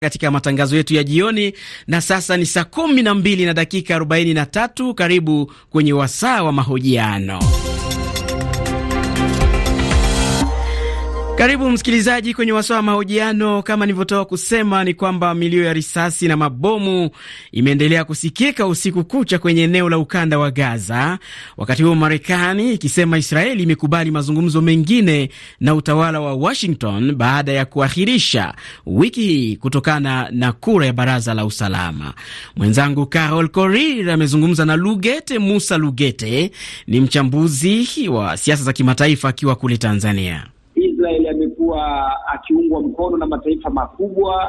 katika matangazo yetu ya jioni na sasa ni saa kumi na mbili na dakika arobaini na tatu. Karibu kwenye wasaa wa mahojiano. Karibu msikilizaji kwenye wasaa wa mahojiano. Kama nilivyotoka kusema, ni kwamba milio ya risasi na mabomu imeendelea kusikika usiku kucha kwenye eneo la ukanda wa Gaza, wakati huo Marekani ikisema Israeli imekubali mazungumzo mengine na utawala wa Washington baada ya kuahirisha wiki hii kutokana na kura ya baraza la usalama. Mwenzangu Carol Korir amezungumza na Lugete Musa. Lugete ni mchambuzi wa siasa za kimataifa akiwa kule Tanzania. Israel amekuwa akiungwa mkono na mataifa makubwa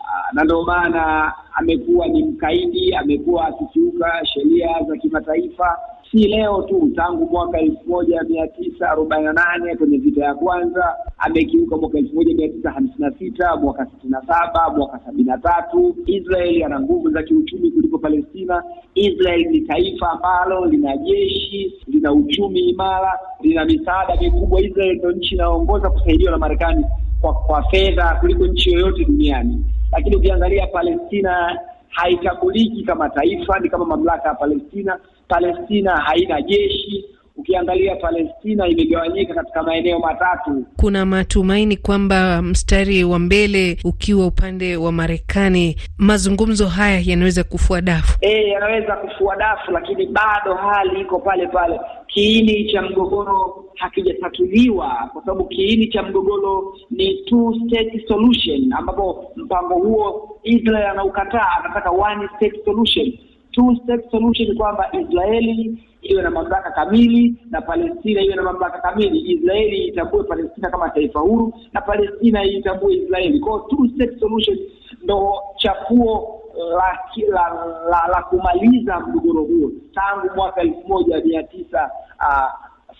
ah, na ndio maana amekuwa ni mkaidi, amekuwa akikiuka sheria za kimataifa si leo tu, tangu mwaka elfu moja mia tisa arobaini na nane kwenye vita ya kwanza, amekiuka mwaka elfu moja mia tisa hamsini na sita mwaka sitini na saba mwaka sabini na tatu Israeli ana nguvu za kiuchumi kuliko Palestina. Israeli ni taifa ambalo lina jeshi, lina uchumi imara, lina misaada mikubwa. Israeli ndio nchi inayoongoza kusaidiwa na Marekani kwa, kwa fedha kuliko nchi yoyote duniani. Lakini ukiangalia Palestina haitambuliki kama taifa, ni kama mamlaka ya Palestina Palestina haina jeshi. Ukiangalia Palestina imegawanyika katika maeneo matatu. Kuna matumaini kwamba mstari wa mbele ukiwa upande wa Marekani, mazungumzo haya yanaweza kufua dafu. E, yanaweza kufua dafu, lakini bado hali iko pale pale. Kiini cha mgogoro hakijatatuliwa, kwa sababu kiini cha mgogoro ni two state solution, ambapo mpango huo Israel anaukataa, anataka one state solution two state solution kwamba Israeli iwe na mamlaka kamili na Palestina iwe na mamlaka kamili. Israeli itambue Palestina kama taifa huru na Palestina itambue Israeli. Kwa two state solution ndo chafuo la, la, la, la kumaliza mgogoro huo tangu mwaka elfu moja mia tisa ah,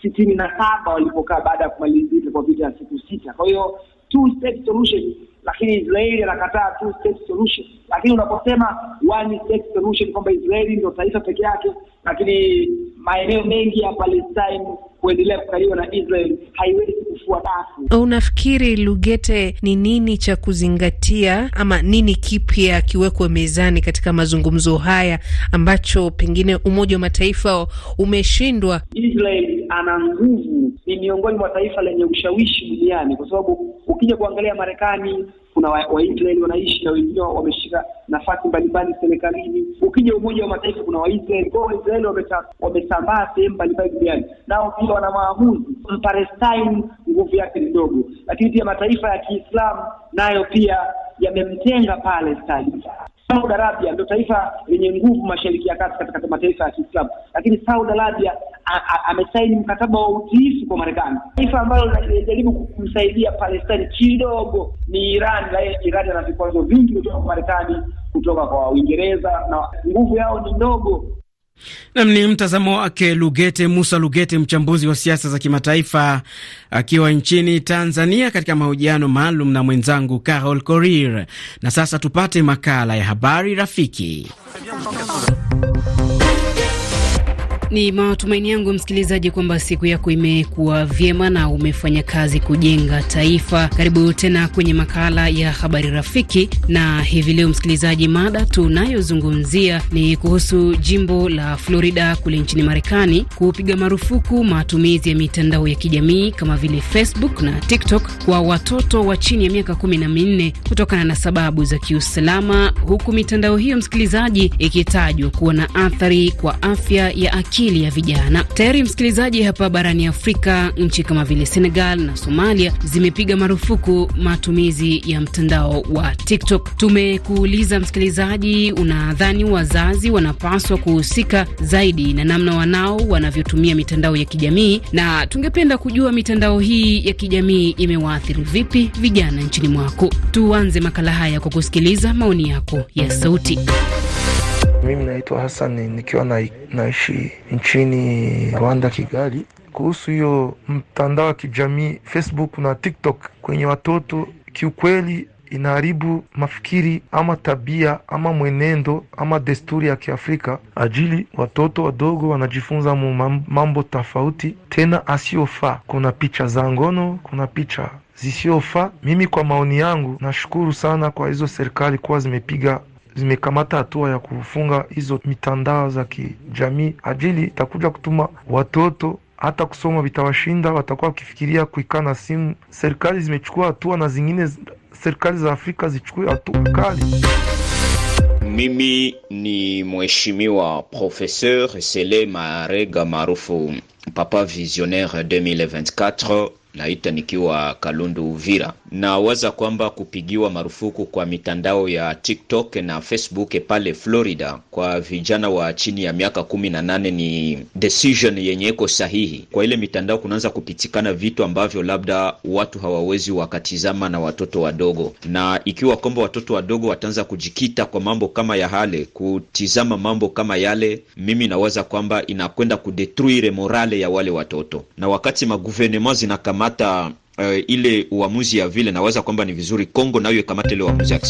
sitini na saba walipokaa baada ya kumalizika kwa vita ya siku sita. Kwa hiyo two state solution lakini Israeli anakataa two state solution. Lakini unaposema one state solution kwamba Israeli ndio taifa peke yake, lakini maeneo mengi ya Palestine kuendelea kukaliwa na Israel haiwezi kufua dafu. Unafikiri Lugete, ni nini cha kuzingatia ama nini kipya kiwekwe mezani katika mazungumzo haya ambacho pengine Umoja wa Mataifa umeshindwa? Israel ana nguvu, ni miongoni mwa taifa lenye ushawishi duniani, kwa sababu ukija kuangalia Marekani kuna Waisraeli wa wanaishi na wengine wameshika nafasi mbalimbali serikalini. Ukija Umoja wa Mataifa kuna Waisraeli kwao, Waisraeli wamesambaa sehemu mbalimbali duniani, nao pia wana maamuzi. Palestine nguvu yake ni ndogo, lakini pia mataifa ya Kiislamu nayo pia yamemtenga Palestine. Saudi Arabia ndio taifa lenye nguvu mashariki ya kati katika mataifa ya Kiislamu, lakini Saudi Arabia amesaini mkataba wa utiifu kwa Marekani. Taifa ambalo linajaribu kumsaidia Palestine kidogo ni Iran, na Iran ana vikwazo vingi kutoka kwa Marekani, kutoka kwa Uingereza, na nguvu yao ni ndogo. Nam ni mtazamo wake Lugete Musa Lugete, mchambuzi wa siasa za kimataifa akiwa nchini Tanzania, katika mahojiano maalum na mwenzangu Carol Korir. Na sasa tupate makala ya habari rafiki ni matumaini yangu msikilizaji, kwamba siku yako imekuwa vyema na umefanya kazi kujenga taifa. Karibu tena kwenye makala ya habari rafiki, na hivi leo msikilizaji, mada tunayozungumzia ni kuhusu jimbo la Florida kule nchini Marekani kupiga marufuku matumizi ya mitandao ya kijamii kama vile Facebook na TikTok kwa watoto wa chini ya miaka kumi na minne kutokana na sababu za kiusalama, huku mitandao hiyo msikilizaji, ikitajwa kuwa na athari kwa afya ya akili ajili ya vijana. Tayari msikilizaji, hapa barani Afrika, nchi kama vile Senegal na Somalia zimepiga marufuku matumizi ya mtandao wa TikTok. Tumekuuliza msikilizaji, unadhani wazazi wanapaswa kuhusika zaidi na namna wanao wanavyotumia mitandao ya kijamii, na tungependa kujua mitandao hii ya kijamii imewaathiri vipi vijana nchini mwako. Tuanze makala haya kwa kusikiliza maoni yako ya sauti. Mimi naitwa Hassan nikiwa na, naishi nchini Rwanda, Kigali. Kuhusu hiyo mtandao wa kijamii Facebook na TikTok kwenye watoto, kiukweli inaharibu mafikiri ama tabia ama mwenendo ama desturi ya Kiafrika, ajili watoto wadogo wanajifunza mambo tofauti tena asiyofaa. Kuna picha za ngono, kuna picha zisiyofaa. Mimi kwa maoni yangu, nashukuru sana kwa hizo serikali kuwa zimepiga zimekamata hatua ya kufunga hizo mitandao za kijamii, ajili itakuja kutuma watoto hata kusoma vitawashinda, watakuwa wakifikiria kuikaa na simu. Serikali zimechukua hatua na zingine serikali za Afrika zichukue hatua kali. Mimi ni mheshimiwa Professeur Sele marega maarufu Papa Visionnaire 2024 naita nikiwa Kalundu Uvira, nawaza kwamba kupigiwa marufuku kwa mitandao ya TikTok na Facebook pale Florida kwa vijana wa chini ya miaka kumi na nane ni decision yenye iko sahihi. Kwa ile mitandao kunaanza kupitikana vitu ambavyo labda watu hawawezi wakatizama na watoto wadogo, na ikiwa kwamba watoto wadogo wataanza kujikita kwa mambo kama ya hale kutizama mambo kama yale, mimi nawaza kwamba inakwenda kudetruire morale ya wale watoto, na wakati maguvernema zinakamata kukamata uh, eh, ile uamuzi ya vile, naweza kwamba ni vizuri Kongo nayo ikamata ile uamuzi ya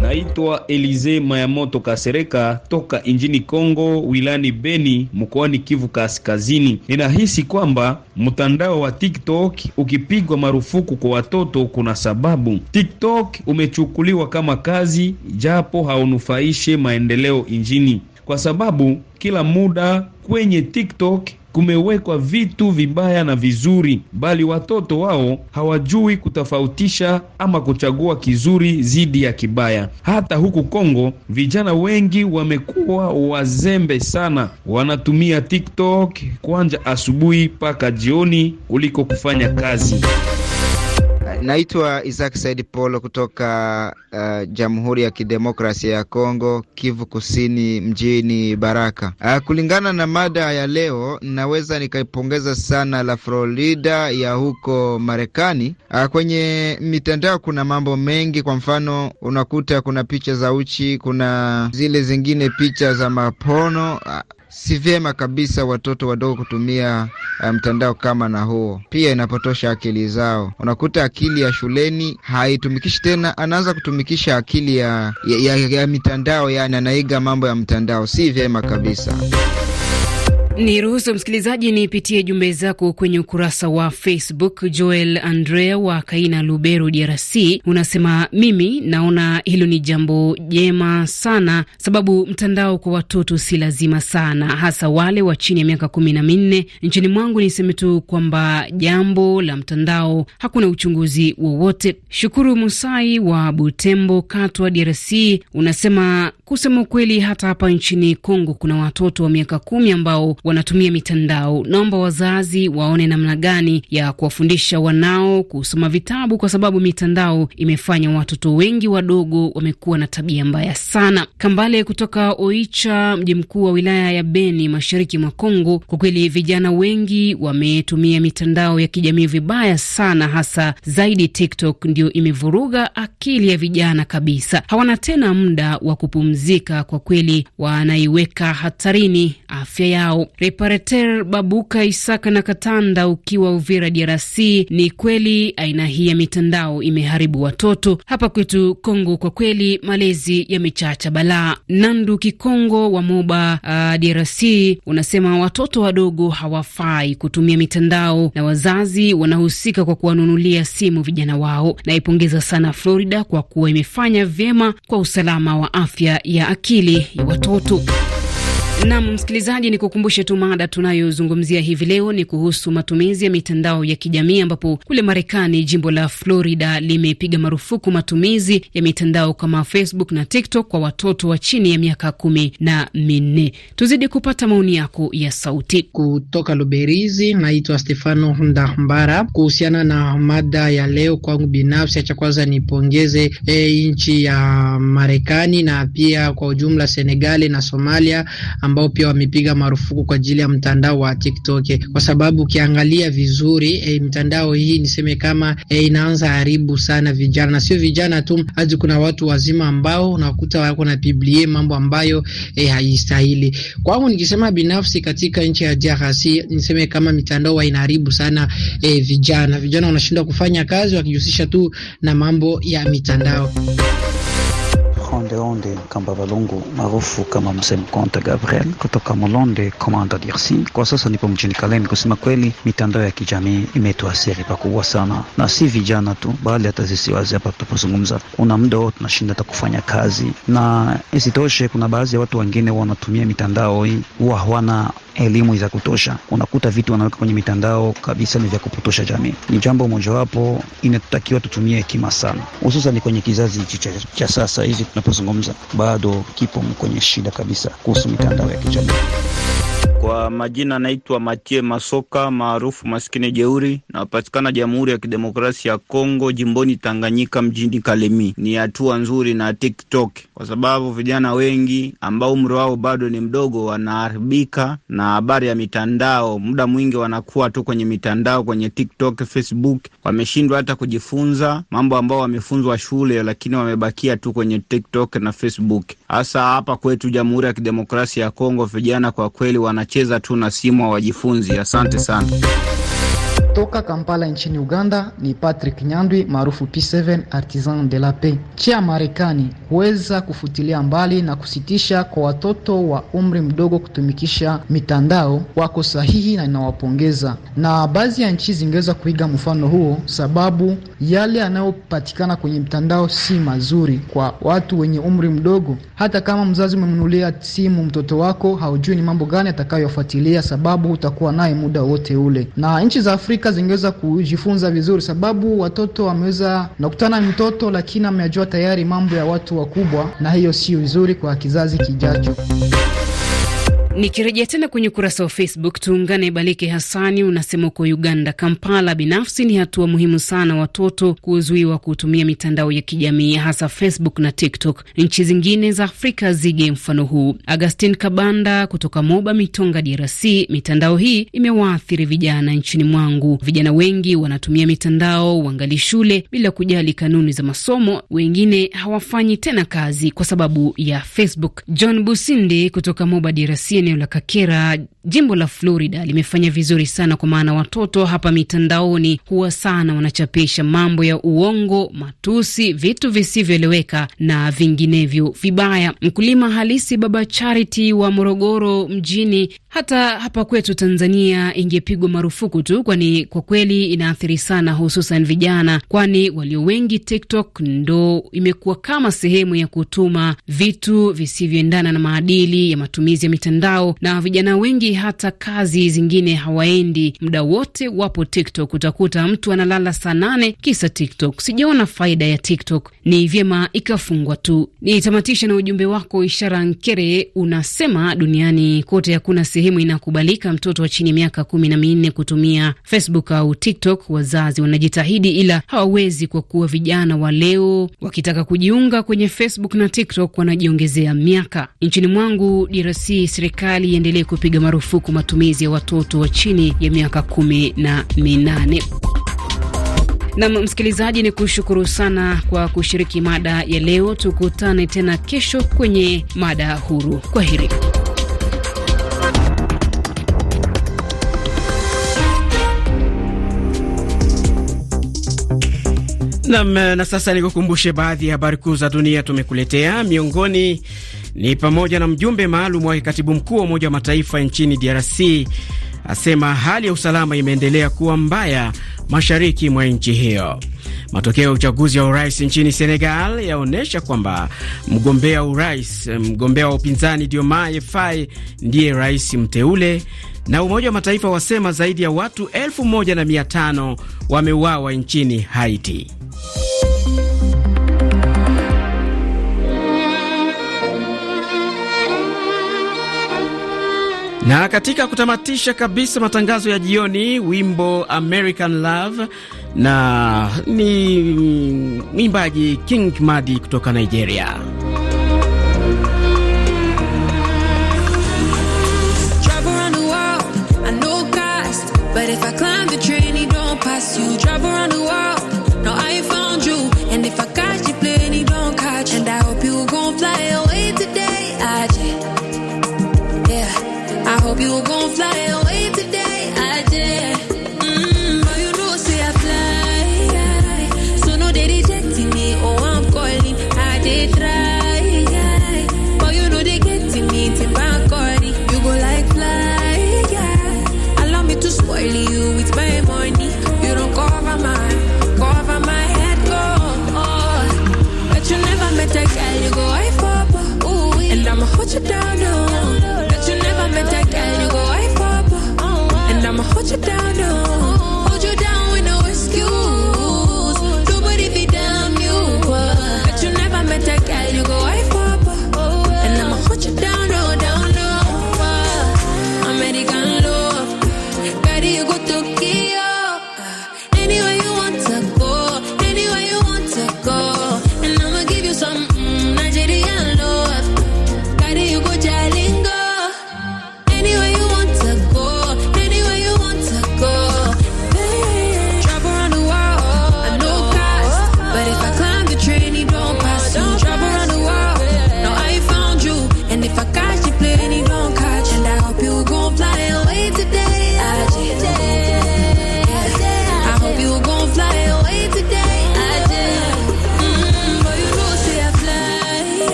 Naitwa Elize Mayamoto Kasereka toka injini Kongo wilani Beni mkoani Kivu Kaskazini. Ninahisi kwamba mtandao wa TikTok ukipigwa marufuku kwa watoto kuna sababu. TikTok umechukuliwa kama kazi, japo haunufaishe maendeleo injini kwa sababu kila muda kwenye TikTok kumewekwa vitu vibaya na vizuri, bali watoto wao hawajui kutofautisha ama kuchagua kizuri zidi ya kibaya. Hata huku Kongo vijana wengi wamekuwa wazembe sana, wanatumia TikTok kwanja asubuhi mpaka jioni kuliko kufanya kazi. Naitwa Isaac Said Polo kutoka uh, Jamhuri ya Kidemokrasia ya Kongo, Kivu Kusini, mjini Baraka. Uh, kulingana na mada ya leo, naweza nikaipongeza sana la Florida ya huko Marekani. Uh, kwenye mitandao kuna mambo mengi, kwa mfano unakuta kuna picha za uchi, kuna zile zingine picha za mapono uh, si vyema kabisa watoto wadogo kutumia eh, mtandao um, kama na huo, pia inapotosha akili zao. Unakuta akili ya shuleni haitumikishi tena, anaanza kutumikisha akili ya, ya, ya, ya mitandao, yani anaiga mambo ya mtandao. Si vyema kabisa ni ruhusu msikilizaji, nipitie jumbe zako kwenye ukurasa wa Facebook. Joel Andrea wa Kaina, Lubero, DRC, unasema mimi naona hilo ni jambo jema sana, sababu mtandao kwa watoto si lazima sana, hasa wale wa chini ya miaka kumi na minne. Nchini mwangu niseme tu kwamba jambo la mtandao hakuna uchunguzi wowote. Shukuru Musai wa Butembo, Katwa, DRC, unasema kusema ukweli, hata hapa nchini Kongo kuna watoto wa miaka kumi ambao wanatumia mitandao. Naomba wazazi waone namna gani ya kuwafundisha wanao kusoma vitabu, kwa sababu mitandao imefanya watoto wengi wadogo wamekuwa na tabia mbaya sana. Kambale kutoka Oicha, mji mkuu wa wilaya ya Beni, mashariki mwa Kongo. Kwa kweli vijana wengi wametumia mitandao ya kijamii vibaya sana, hasa zaidi TikTok ndio imevuruga akili ya vijana kabisa. Hawana tena muda wa kupumzika, kwa kweli wanaiweka hatarini afya yao. Reparateur Babuka Isaka na Katanda ukiwa Uvira DRC, ni kweli aina hii ya mitandao imeharibu watoto hapa kwetu Kongo. Kwa kweli malezi yamechacha balaa. Nandu Kikongo wa Moba uh, DRC unasema watoto wadogo hawafai kutumia mitandao na wazazi wanahusika kwa kuwanunulia simu vijana wao. Naipongeza sana Florida kwa kuwa imefanya vyema kwa usalama wa afya ya akili ya watoto. Nam msikilizaji, ni kukumbushe tu mada tunayozungumzia hivi leo ni kuhusu matumizi ya mitandao ya kijamii, ambapo kule Marekani jimbo la Florida limepiga marufuku matumizi ya mitandao kama Facebook na TikTok kwa watoto wa chini ya miaka kumi na minne. Tuzidi kupata maoni yako ya sauti kutoka Luberizi. Naitwa Stefano Ndambara. Kuhusiana na mada ya leo, kwangu binafsi, acha kwanza nipongeze e, nchi ya Marekani na pia kwa ujumla Senegali na Somalia ambao pia wamepiga marufuku kwa ajili ya mtandao wa TikTok, kwa sababu ukiangalia vizuri e, eh, mtandao hii niseme kama e, inaanza haribu sana vijana, na sio vijana tu, hadi kuna watu wazima ambao unakuta wako na publie mambo ambayo e, haistahili. Kwangu nikisema binafsi, katika nchi ya DRC niseme kama mitandao inaharibu sana e, vijana. Vijana wanashindwa kufanya kazi wakijihusisha tu na mambo ya mitandao. Onde Onde Kamba valungu maarufu kama Mzee Mkonta Gabriel kutoka Mulonde Komanda DRC. Kwa sasa nipo mjini Kalemi. Kusema kweli, mitandao ya kijamii imetuathiri pakubwa sana, na si vijana tu, bali hata sisi wazee hapa tunapozungumza, kuna muda huo tunashinda hata kufanya kazi, na isitoshe kuna baadhi ya watu wengine wanatumia mitandao hii huwa hawana elimu za kutosha. Unakuta vitu wanaweka kwenye mitandao kabisa ni vya kupotosha jamii. Ni jambo mojawapo inatakiwa tutumie hekima sana, hususan kwenye kizazi hichi cha sasa hivi tuna ninapozungumza bado kipo kwenye shida kabisa kuhusu mitandao ya kijamii. Kwa majina naitwa Matie Masoka maarufu maskini jeuri, napatikana Jamhuri ya Kidemokrasia ya Kongo, jimboni Tanganyika, mjini Kalemi. Ni hatua nzuri na TikTok kwa sababu vijana wengi ambao umri wao bado ni mdogo wanaharibika na habari ya mitandao. Muda mwingi wanakuwa tu kwenye mitandao, kwenye TikTok, Facebook, wameshindwa hata kujifunza mambo ambao wamefunzwa shule, lakini wamebakia tu kwenye TikTok na Facebook hasa hapa kwetu Jamhuri ya Kidemokrasia ya Kongo, vijana kwa kweli wanacheza tu na simu, hawajifunzi. Asante sana. Toka Kampala nchini Uganda ni Patrick Nyandwi maarufu P7 Artisan de la Paix. Nchi ya Marekani huweza kufutilia mbali na kusitisha kwa watoto wa umri mdogo kutumikisha mitandao, wako sahihi na inawapongeza, na baadhi ya nchi zingeweza kuiga mfano huo, sababu yale yanayopatikana kwenye mtandao si mazuri kwa watu wenye umri mdogo. Hata kama mzazi umemnunulia simu mtoto wako, haujui ni mambo gani atakayofuatilia, sababu utakuwa naye muda wote ule, na nchi za Afrika zingeweza kujifunza vizuri, sababu watoto wameweza nakutana mtoto, lakini amejua tayari mambo ya watu wakubwa, na hiyo sio vizuri kwa kizazi kijacho. Nikirejea tena kwenye ukurasa wa Facebook, tuungane. Balike Hasani unasema uko Uganda, Kampala. Binafsi ni hatua muhimu sana watoto kuzuiwa kutumia mitandao ya kijamii hasa Facebook na TikTok. Nchi zingine za Afrika zige mfano huu. Agustin Kabanda kutoka Moba Mitonga, DRC, mitandao hii imewaathiri vijana nchini mwangu. Vijana wengi wanatumia mitandao wangali shule bila kujali kanuni za masomo, wengine hawafanyi tena kazi kwa sababu ya Facebook. John Busindi kutoka Moba, DRC eneo la Kakera Jimbo la Florida limefanya vizuri sana, kwa maana watoto hapa mitandaoni huwa sana wanachapisha mambo ya uongo, matusi, vitu visivyoeleweka na vinginevyo vibaya. Mkulima halisi Baba Charity wa Morogoro mjini, hata hapa kwetu Tanzania ingepigwa marufuku tu, kwani kwa kweli inaathiri sana, hususan vijana, kwani walio wengi TikTok ndo imekuwa kama sehemu ya kutuma vitu visivyoendana na maadili ya matumizi ya mitandao na vijana wengi hata kazi zingine hawaendi, muda wote wapo TikTok. Utakuta mtu analala saa nane kisa TikTok. Sijaona faida ya TikTok, ni vyema ikafungwa tu. Nitamatisha na ujumbe wako Ishara Nkere, unasema duniani kote hakuna sehemu inakubalika mtoto wa chini ya miaka kumi na minne kutumia Facebook au TikTok. Wazazi wanajitahidi ila hawawezi, kwa kuwa vijana wa leo wakitaka kujiunga kwenye Facebook na TikTok wanajiongezea miaka. Nchini mwangu DRC, serikali iendelee kupiga marufuku marufuku matumizi ya watoto wa chini ya miaka kumi na minane. Na msikilizaji, ni kushukuru sana kwa kushiriki mada ya leo. Tukutane tena kesho kwenye mada huru. Kwa heri. Nam, na sasa nikukumbushe baadhi ya habari kuu za dunia tumekuletea. Miongoni ni pamoja na mjumbe maalum wa katibu mkuu wa Umoja wa Mataifa nchini DRC asema hali ya usalama imeendelea kuwa mbaya mashariki mwa nchi hiyo. Matokeo ya uchaguzi wa urais nchini Senegal yaonyesha kwamba mgombea urais, mgombea wa upinzani Diomaye Faye ndiye rais mteule, na Umoja wa Mataifa wasema zaidi ya watu elfu moja na mia tano wameuawa nchini Haiti. Na katika kutamatisha kabisa matangazo ya jioni, wimbo American Love na ni mwimbaji King Madi kutoka Nigeria.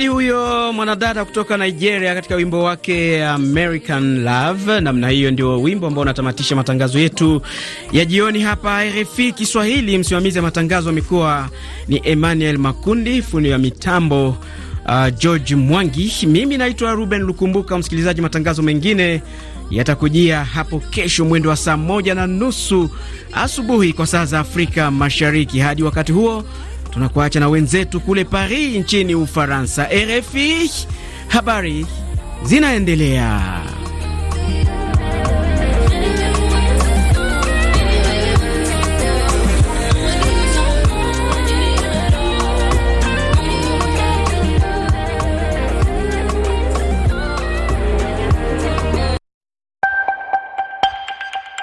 Mwanamedi huyo mwanadada kutoka Nigeria katika wimbo wake American Love. Namna hiyo ndio wimbo ambao unatamatisha matangazo yetu ya jioni hapa RFI Kiswahili. Msimamizi wa matangazo amekuwa ni Emmanuel Makundi, fundi wa mitambo uh, George Mwangi. Mimi naitwa Ruben Lukumbuka. Msikilizaji, matangazo mengine yatakujia hapo kesho mwendo wa saa moja na nusu asubuhi kwa saa za Afrika Mashariki. Hadi wakati huo tunakuacha na wenzetu kule Paris nchini Ufaransa. RFI habari zinaendelea.